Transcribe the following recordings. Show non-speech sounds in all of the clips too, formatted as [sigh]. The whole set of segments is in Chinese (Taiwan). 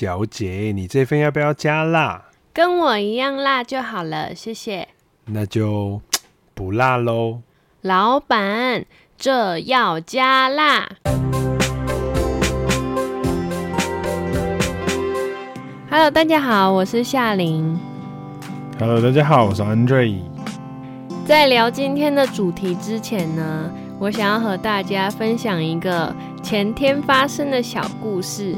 小姐，你這份要不要加辣？跟我一樣辣就好了，謝謝。那就不辣嘍。老闆，這要加辣。Hello，大家好，我是夏玲。Hello，大家好，我是 Andre。在聊今天的主題之前呢，我想要和大家分享一個前天發生的小故事。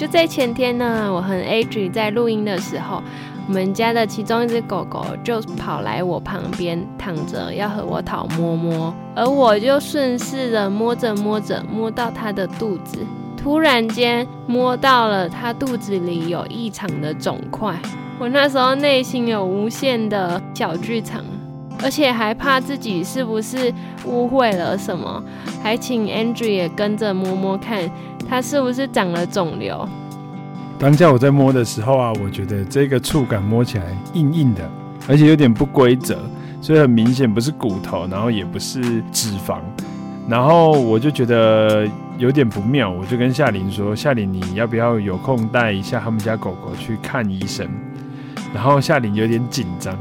就在前天呢，我和 Andre 在錄音的時候，我們家的其中一隻狗狗就跑來我旁邊躺着，要和我討摸摸，而我就順勢的摸着摸着摸到它的肚子，突然間摸到了它肚子裡有異常的腫塊，我那時候內心有無限的小劇場，而且還怕自己是不是誤會了什麼，還請 Andre 也跟着摸摸看，它是不是長了腫瘤。當下我在摸的時候啊，我覺得這個觸感摸起來硬硬的，而且有點不規則，所以很明顯不是骨頭，然後也不是脂肪，然後我就覺得有點不妙，我就跟夏玲說：“夏玲，你要不要有空帶一下他們家狗狗去看醫生？”然後夏玲有點緊張，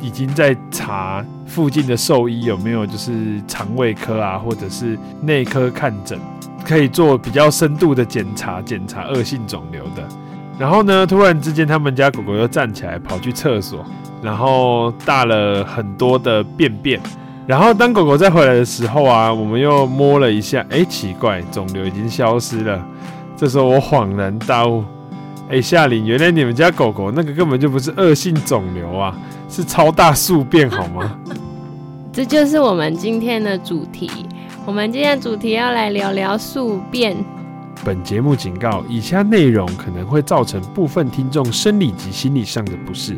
已經在查附近的獸醫有沒有就是腸胃科啊，或者是內科看診，可以做比較深度的檢查，檢查惡性腫瘤的。然後呢，突然之間，他們家狗狗又站起來跑去廁所，然後大了很多的便便。然後當狗狗再回來的時候啊，我們又摸了一下，哎，奇怪，腫瘤已經消失了。這時候我恍然大悟，哎，夏玲，原來你們家狗狗那個根本就不是惡性腫瘤啊，是超大宿便，好嗎？這就是我們今天的主題。我們今天的主題要來聊聊宿便。本節目警告：以下內容可能會造成部分聽眾生理及心理上的不適。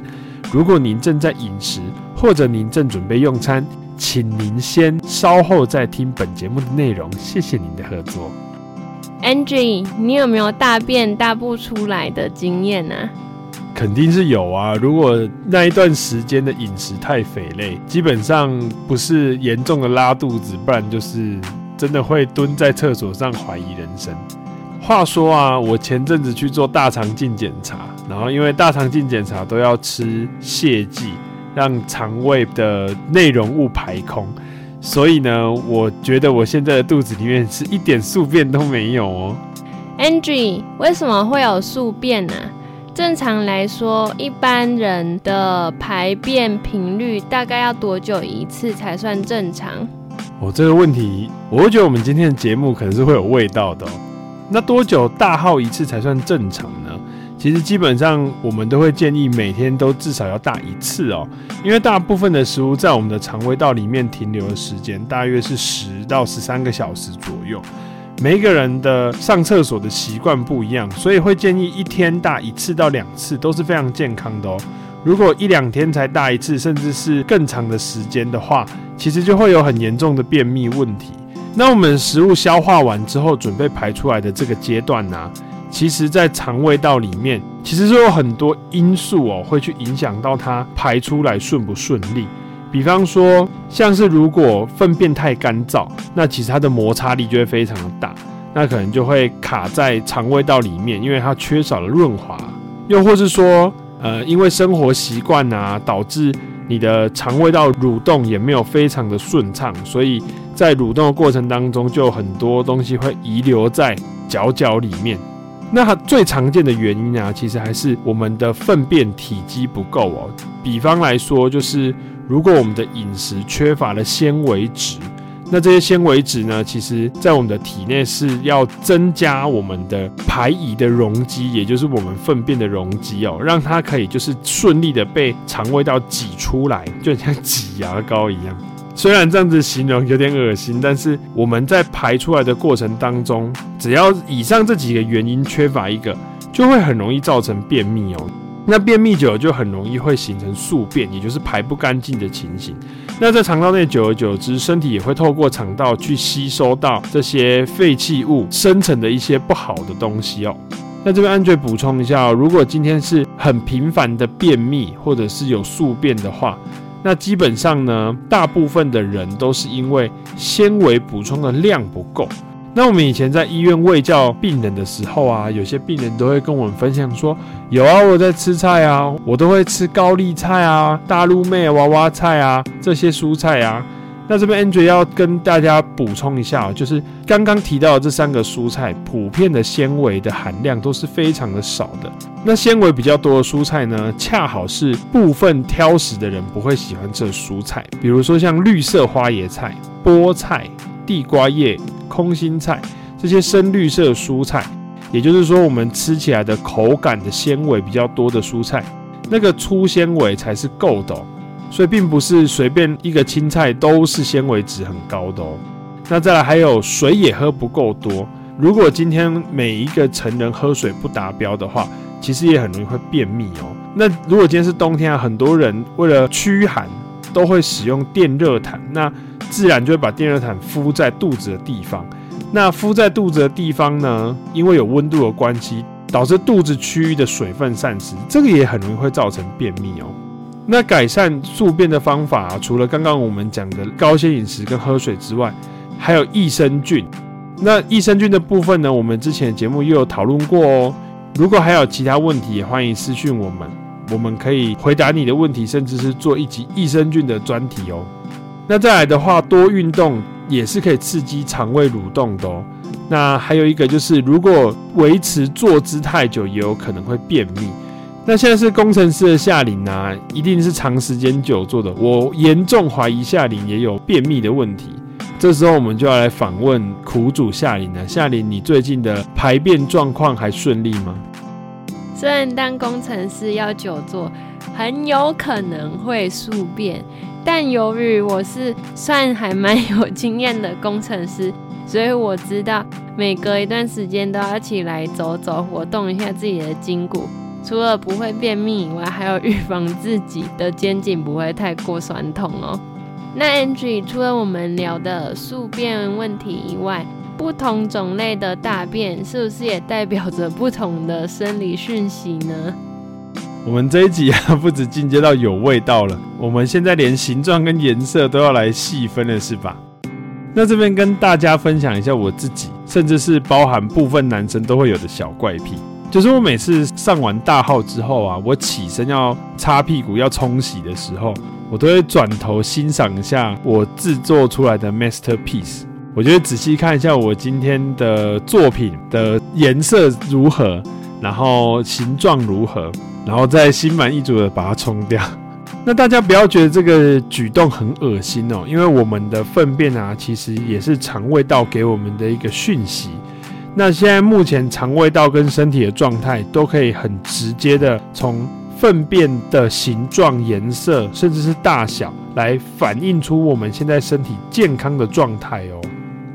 如果您正在飲食，或者您正準備用餐，請您先稍後再聽本節目的內容。謝謝您的合作。Andre，你有沒有大便大不出來的經驗呢、啊？肯定是有啊。如果那一段時間的飲食太肥膩，基本上不是嚴重的拉肚子，不然就是真的會蹲在廁所上懷疑人生。話說啊，我前陣子去做大腸鏡檢查，然後因為大腸鏡檢查都要吃瀉劑，讓腸胃的內容物排空，所以呢，我覺得我現在的肚子裡面是一點宿便都沒有哦。Andre，為什麼會有宿便呢？正常來說，一般人的排便頻率大概要多久一次才算正常？我、哦、這個問題，我覺得我們今天的節目可能是會有味道的、哦。那多久大號一次才算正常呢？其實基本上我們都會建議每天都至少要大一次哦，因為大部分的食物在我們的腸胃道裡面停留的時間大約是十到十三個小時左右。每一個人的上廁所的習慣不一樣，所以會建議一天大一次到兩次都是非常健康的哦。如果一兩天才大一次，甚至是更長的時間的話，其實就會有很嚴重的便秘問題。那我們食物消化完之後，準備排出來的這個階段呢、啊，其實，在腸胃道裡面，其實是有很多因素哦、喔，會去影響到它排出來順不順利。比方說，像是如果糞便太乾燥，那其實它的摩擦力就會非常的大，那可能就會卡在腸胃道裡面，因為它缺少了潤滑。又或是說，呃，因為生活習慣呐，導致。你的腸胃道蠕動也沒有非常的順暢，所以在蠕動的過程當中，就很多東西會遺留在角角裡面。那它最常見的原因啊，其實還是我們的糞便體積不夠哦。比方來說，就是如果我們的飲食缺乏了纖維質。那這些纖維質呢，其實，在我們的體內是要增加我們的排遺的容積，也就是我們糞便的容積哦、喔，讓它可以就是順利的被腸胃道擠出來，就很像擠牙膏一樣。雖然這樣子形容有點噁心，但是我們在排出來的過程當中，只要以上這幾個原因缺乏一個，就會很容易造成便秘哦、喔。那便秘久了就很容易會形成宿便，也就是排不乾淨的情形。那在腸道內久而久之，身體也會透過腸道去吸收到這些廢棄物生成的一些不好的東西哦、喔。那這邊 Andre 補充一下哦、喔，如果今天是很頻繁的便秘，或者是有宿便的話，那基本上呢，大部分的人都是因為纖維補充的量不夠。那我們以前在醫院衛教病人的時候啊,有些病人都會跟我們分享說，有啊,我在吃菜啊,我都會吃高麗菜啊、大陸妹娃娃菜啊這些蔬菜啊。那這邊 Andre 要跟大家補充一下啊,就是剛剛提到的這三個蔬菜,普遍的纖維的含量都是非常的少的。那纖維比較多的蔬菜呢,恰好是部分挑食的人不會喜歡吃的蔬菜,比如說像綠色花椰菜、菠菜。地瓜葉、空心菜這些深綠色蔬菜，也就是說，我們吃起來的口感的纖維比較多的蔬菜，那個粗纖維才是夠的喔。所以，並不是隨便一個青菜都是纖維質很高的喔。那再來，還有水也喝不夠多。如果今天每一個成人喝水不達標的話，其實也很容易會便秘喔。那如果今天是冬天啊，很多人為了驅寒，都會使用電熱毯。那自然就會把電熱毯敷在肚子的地方，那敷在肚子的地方呢，因為有溫度的關係，導致肚子區域的水分散失，這個也很容易會造成便秘哦。那改善宿便的方法，啊，除了剛剛我們講的高纖飲食跟喝水之外，還有益生菌。那益生菌的部分呢，我們之前的節目又有討論過哦、喔。如果還有其他問題，也歡迎私訊我們，我們可以回答你的問題，甚至是做一集益生菌的專題哦、喔。那再來的話，多運動也是可以刺激腸胃蠕動的哦、喔。那還有一個就是，如果維持坐姿太久，也有可能會便秘。那現在是工程師的夏玲呢、啊？一定是長時間久坐的。我嚴重懷疑夏玲也有便秘的問題。這時候我們就要來訪問苦主夏玲了、啊。夏玲，你最近的排便狀況還順利嗎？雖然當工程師要久坐，很有可能會宿便。但由於我是算還蠻有經驗的工程師，所以我知道每隔一段時間都要起來走走，活動一下自己的筋骨。除了不會便秘以外，還要預防自己的肩頸不會太過痠痛哦。那 Andre，除了我們聊的宿便問題以外，不同種類的大便是不是也代表着不同的生理訊息呢？我們這一集啊，不止進階到有味道了，我們現在連形狀跟顏色都要來細分了，是吧？那這邊跟大家分享一下我自己，甚至是包含部分男生都會有的小怪癖，就是我每次上完大號之後啊，我起身要擦屁股、要沖洗的時候，我都會轉頭欣賞一下我制作出來的 masterpiece。我就會仔細看一下我今天的作品的顏色如何，然後形狀如何。然後再心滿意足的把它沖掉。那大家不要覺得這個舉動很惡心哦，因為我們的糞便啊，其實也是腸胃道給我們的一個訊息。那現在目前腸胃道跟身體的狀態，都可以很直接的從糞便的形狀、顏色，甚至是大小，來反映出我們現在身體健康的狀態哦。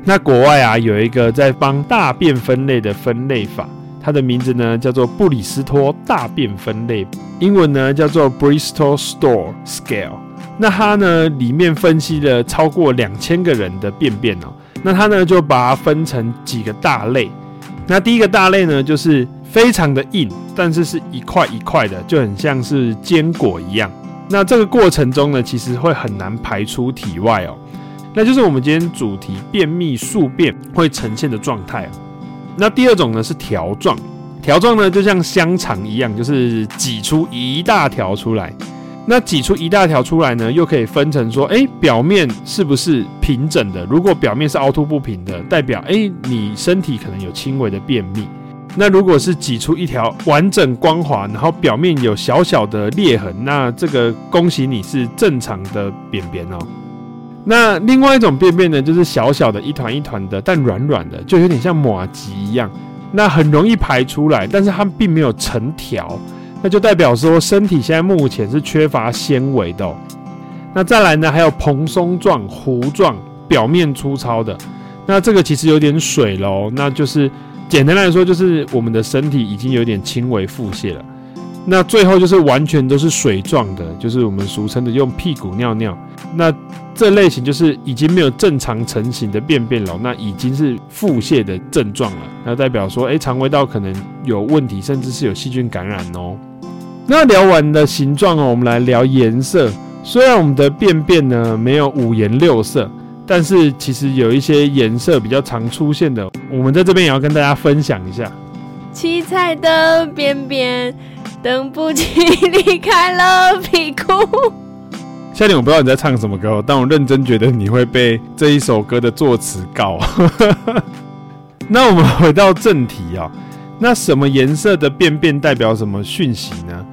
那國外啊，有一個在幫大便分類的分類法。它的名字呢，叫做布里斯托大便分類，英文呢叫做 Bristol Stool Scale。那它呢裡面分析了超過兩千個人的便便哦、喔，那它呢就把它分成幾個大類。那第一個大類呢就是非常的硬，但是是一塊一塊的，就很像是堅果一樣。那這個過程中呢，其實會很難排出體外哦、喔，那就是我們今天主題便秘、宿便會呈現的狀態、喔。那第二種呢是條狀，條狀呢就像香腸一樣，就是擠出一大條出來。那擠出一大條出來呢，又可以分成說，哎、欸，表面是不是平整的？如果表面是凹凸不平的，代表哎、欸，你身體可能有輕微的便秘。那如果是擠出一條完整光滑，然後表面有小小的裂痕，那這個恭喜你是正常的便便哦。那另外一種便便呢，就是小小的一團一團的，但軟軟的，就有點像麻糬一樣，那很容易排出來，但是它並沒有成條，那就代表說身體現在目前是缺乏纖維的喔。那再來呢，還有蓬鬆狀、糊狀、表面粗糙的，那這個其實有點水嘍，那就是簡單來說，就是我們的身體已經有點輕微腹瀉了。那最後就是完全都是水狀的，就是我們俗稱的用屁股尿尿。那這類型就是已經沒有正常成型的便便了，那已經是腹瀉的症狀了。那代表說，欸，腸胃道可能有問題，甚至是有細菌感染喔。那聊完的形狀喔，我們來聊顏色。雖然我們的便便呢沒有五顏六色，但是其實有一些顏色比較常出現的，我們在這邊也要跟大家分享一下。七彩的便便，等不及離開了皮褲。夏玲，我不知道你在唱什麼歌，但我認真覺得你會被這一首歌的作詞告。 [laughs] 那我們回到正題啊、哦，那什麼顏色的便便代表什麼訊息呢？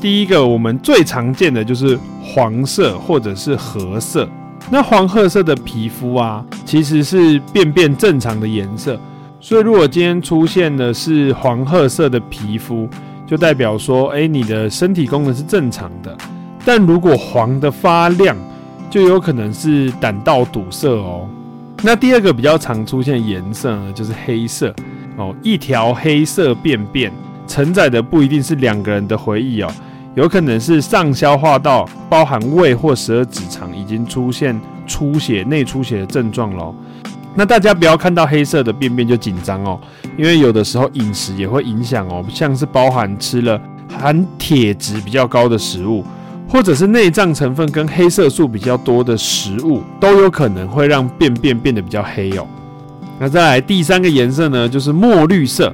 第一個，我們最常見的就是黃色或者是褐色。那黃褐色的皮膚啊，其實是便便正常的顏色。所以，如果今天出現的是黃褐色的皮膚，就代表說，誒、欸，你的身體功能是正常的。但如果黃的發亮，就有可能是膽道堵塞哦。那第二個比較常出現的顏色呢，就是黑色哦。一條黑色便便，承載的不一定是兩個人的回憶哦，有可能是上消化道，包含胃或十二指腸，已經出現出血、內出血的症狀咯。那大家不要看到黑色的便便就緊張哦，因為有的時候飲食也會影響哦，像是包含吃了含鐵質比較高的食物，或者是內臟成分跟黑色素比較多的食物，都有可能會讓便便變得比較黑哦。那再來第三個顏色呢，就是墨綠色。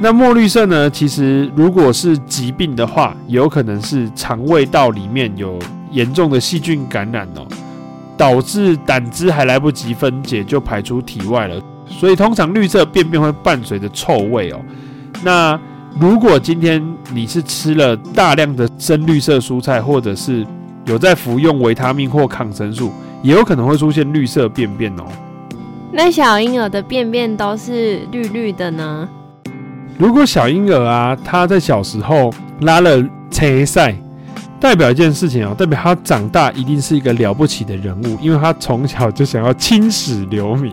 那墨綠色呢，其實如果是疾病的話，有可能是腸胃道裡面有嚴重的細菌感染哦。導致膽汁還來不及分解，就排出體外了，所以通常綠色便便會伴隨着臭味哦。那如果今天你是吃了大量的深綠色蔬菜，或者是有在服用維他命或抗生素，也有可能會出現綠色便便哦。那小嬰兒的便便都是綠綠的呢？如果小嬰兒啊，他在小時候拉了青屎。代表一件事情啊、喔，代表他長大一定是一個了不起的人物，因為他從小就想要青史留名。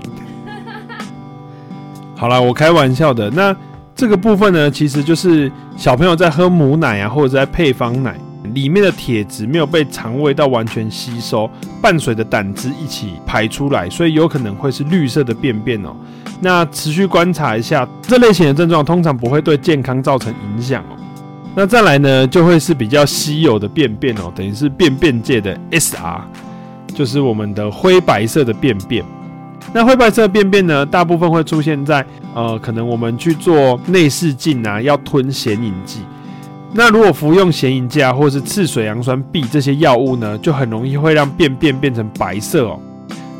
[laughs] 好啦，我開玩笑的。那這個部分呢，其實就是小朋友在喝母奶啊，或者在配方奶裡面的鐵質沒有被腸胃道完全吸收，伴隨著的膽汁一起排出來，所以有可能會是綠色的便便哦、喔。那持續觀察一下，這類型的症狀通常不會對健康造成影響哦、喔。那再來呢，就會是比較稀有的便便哦，等於是便便界的 SR，就是我們的灰白色的便便。那灰白色便便呢，大部分會出現在呃，可能我們去做內視鏡啊，要吞顯影劑。那如果服用顯影劑啊，或是次水楊酸鉍這些藥物呢，就很容易會讓便便變成白色哦。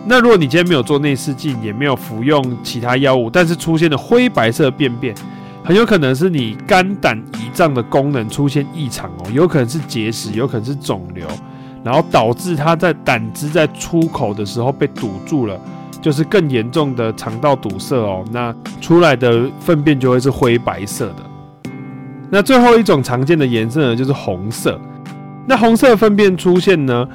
那如果你今天沒有做內視鏡，也沒有服用其他藥物，但是出現了灰白色便便。很有可能是你肝膽胰臟的功能出現異常喔，有可能是結石，有可能是腫瘤，然後導致它在膽汁在出口的時候被堵住了，就是更嚴重的腸道堵塞喔。那出來的糞便就會是灰白色的。那最後一種常見的顏色呢，就是紅色。那紅色糞便出現呢，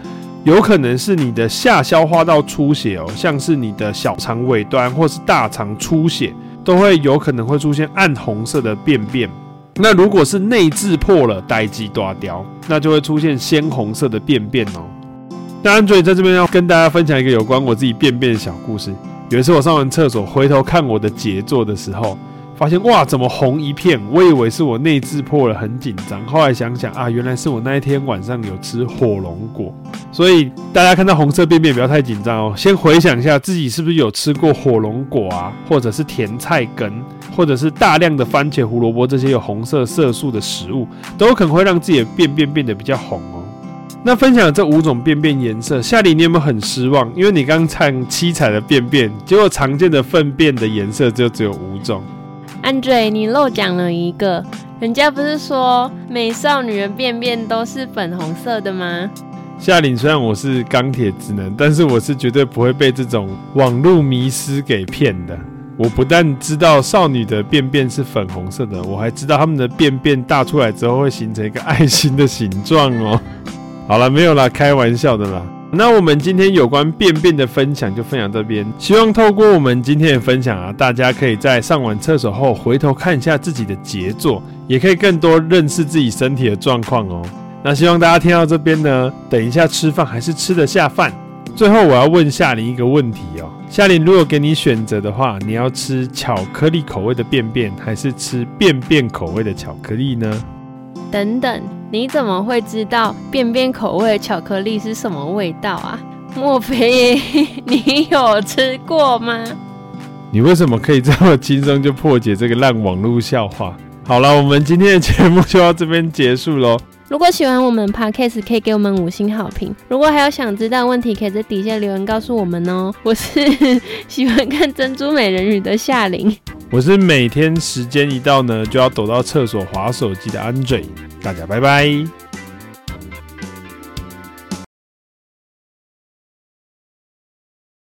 有可能是你的下消化道出血喔，像是你的小腸尾端或是大腸出血。都會有可能會出現暗紅色的便便，那如果是內痔破了，呆機爪掉，那就會出現鮮紅色的便便哦、喔。那 Andre 在這邊要跟大家分享一個有關我自己便便的小故事。有一次我上完廁所，回頭看我的傑作的時候，發現哇，怎麼紅一片？我以為是我內痔破了，很緊張。後來想想啊，原來是我那一天晚上有吃火龍果，所以大家看到紅色便便不要太緊張哦，先回想一下自己是不是有吃過火龍果啊，或者是甜菜根，或者是大量的番茄、胡蘿蔔這些有紅色色素的食物，都可能會讓自己的便便變得比較紅哦。那分享了這五種便便顏色，夏玲你有沒有很失望？因為你剛看七彩的便便，結果常見的糞便的顏色就只有五種。Andre, 你漏講了一個，人家不是說美少女的便便都是粉紅色的嗎？夏玲，雖然我是鋼鐵直男，但是我是絕對不會被這種網路迷思給騙的。我不但知道少女的便便是粉紅色的，我還知道他們的便便大出來之後會形成一個愛心的形狀哦。 [laughs] 好了，沒有啦，開玩笑的啦。那我們今天有關便便的分享就分享這邊，希望透過我們今天的分享啊，大家可以在上完廁所後回頭看一下自己的傑作，也可以更多認識自己身體的狀況哦。那希望大家聽到這邊呢，等一下吃飯還是吃得下飯？最後我要問夏玲一個問題哦，夏玲如果給你選擇的話，你要吃巧克力口味的便便，還是吃便便口味的巧克力呢？等等，你怎麼會知道便便口味的巧克力是什麼味道啊？莫非你有吃過嗎？你為什麼可以這麼輕鬆就破解這個爛網絡笑話？好了，我們今天的節目就到這邊結束嘍。如果喜歡我們 podcast，可以給我們五星好評。如果還有想知道問題，可以在底下留言告訴我們哦。我是 [laughs] 喜歡看珍珠美人魚的夏玲。我是每天時間一到呢，就要躲到廁所滑手機的 Andre。大家拜拜。